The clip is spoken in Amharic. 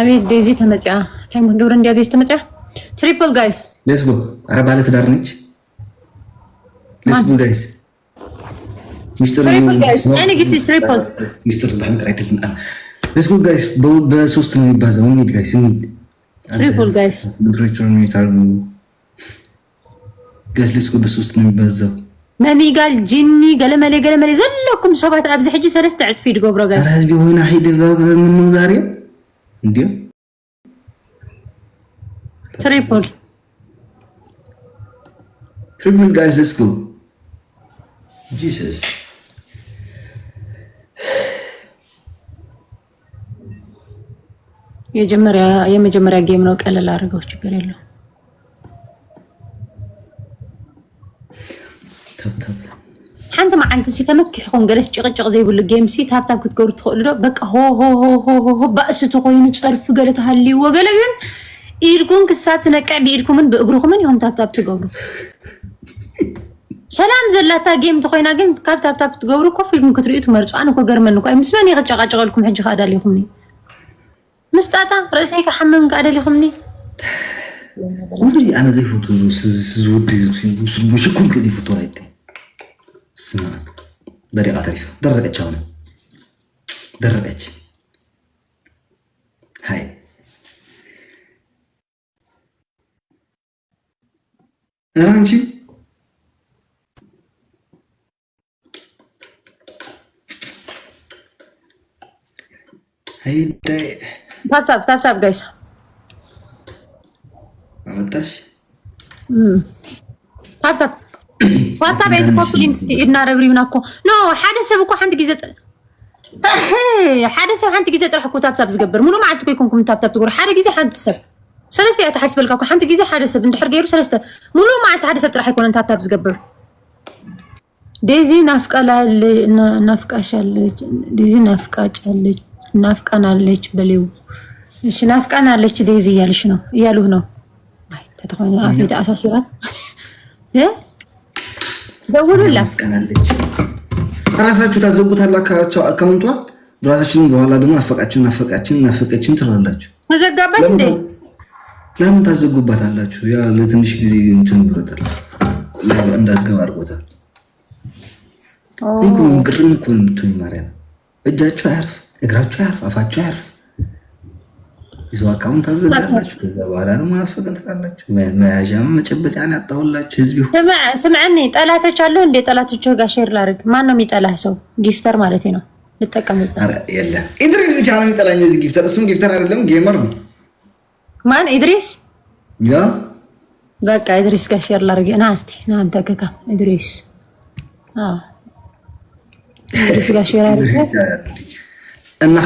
አቤት ዴዚ ተመጫ ታይም ግብር እንዲያ ዴዚ ተመጫ ትሪፕል ጋይስ ሌትስ ጎ። አረ ባለ ትዳር ነች። ሌትስ ጎ ጋይስ ሚስጥር በሀገር አይደለም። ሌትስ ጎ ጋይስ በሶስት ነው የሚባዛው። እንሂድ ጋይስ እንሂድ። ትሪፕል ጋይስ ሌትስ ጎ በሶስት ነው የሚባዛው። መሚጋል ጅኒ ገለመሌ ገለመሌ ዘለኩም ሰባት ኣብዚ ሕጂ ሰለስተ ዕፅፊ ድገብሮ ጋይስ ህዝቢ ወይና ሂድ ምኑ ዛሬ እንዲያ ትሪፕል ትሪፕል ጋይስ ሌትስ ጎ ጂሰስ የመጀመሪያ ጌም ነው። ቀለል አድርገው ችግር የለው። ሓንቲ መዓንቲ ሲ ተመኪሕኩም ገለስ ጭቕጭቕ ዘይብሉ ጌምሲ ታብታብ ክትገብሩ ትኽእሉ ዶ በቃ ሆሆሆሆሆ ባእሲ ተኮይኑ ፀርፊ ገለ ተሃልይዎ ገለ ግን ኢድኩም ክሳብ ትነቅዕ ብኢድኩምን ብእግርኩምን ይኹም ታብታብ ትገብሩ ሰላም ዘላታ ጌም እንተኮይና ግን ካብ ታብታብ ትገብሩ ኮፍ ኢልኩም ክትሪኡ ትመርፁ ኣነ ኮ ገርመኒ ኳ ምስ መን ክጨቃጨቀልኩም ሕጂ ከኣዳልይኹምኒ ምስ ጣጣ ርእሰይ ክሓምም ከኣደሊኹምኒ ወደ ኣነ ዘይፈቱ ዝውድ ሽኩን ከ ዘይፈቱ ናይቲ ስማ ደቂቃ ተሪፍ ደረቀች። አሁን ደረቀች። ሀይ ኧረ አንቺ ታብታብ ጋይስ አመጣሽ ታብታብ ዋጣብ ኣይዚ ኮፍሊን እናረብሪ ይብና እኮ ኖ ሓደ ሰብ እኮ ሓንቲ ግዜ ሓደ ሰብ ሓንቲ ግዜ ጥራሕ እኮ ታብታብ ዝገብር ሙሉ መዓልቲ ኮይኮንኩም ታብታብ ትገብሩ ሓደ ግዜ ሓንቲ ሰብ ሰለስተ እያ ተሓስበልካ እኮ ሓንቲ ግዜ ሓደ ሰብ እንድሕር ገይሩ ሰለስተ ሙሉ መዓልቲ ሓደ ሰብ ጥራሕ ኣይኮነን ታብታብ ዝገብር ዴዚ ናፍቃሻለች ዴዚ ናፍቃጫለች ናፍቃናለች በሌው እሺ ናፍቃናለች ዴዚ እያልሽ ነው እያሉህ ነው ተተኮይኑ ኣፌ ተኣሳሲራ ደውሉላት። ራሳችሁ ታዘጉታላችሁ አካውንቷን ራሳችሁን። በኋላ ደግሞ ናፈቃችን ናፈቃችን ናፈቀችን ትላላችሁ። ተዘጋበት እንዴ? ለምን ታዘጉባታላችሁ? ያ ለትንሽ ጊዜ እንትን ብረታል እንዳትገባ አድርጎታል። ግርም እኮ ነው ማርያም። እጃችሁ አያርፍ፣ እግራችሁ አያርፍ፣ አፋችሁ አያርፍ ብዙ አካውንት አዘጋላችሁ። ከዛ በኋላ ነው ማፈቀን ትላላችሁ። መያዣም መጨበጫ ያጣሁላችሁ ህዝብ ስምዐኒ። ጠላቶች አሉ እንዴ? ጠላቶች ጋር ሼር ላድርግ። ማን ነው የሚጠላህ ሰው? ጊፍተር ማለት ነው ልጠቀምበት። የለም ኢድሪስ ብቻ ነው የሚጠላኝ እዚህ ጊፍተር። እሱም ጊፍተር አይደለም ጌመር ነው። ማን ኢድሪስ? ያ በቃ ኢድሪስ ጋር ሼር ላድርግ። ና እስኪ ና አንተ ከካ ኢድሪስ። አዎ ኢድሪስ ጋር ሼር አድርግ እና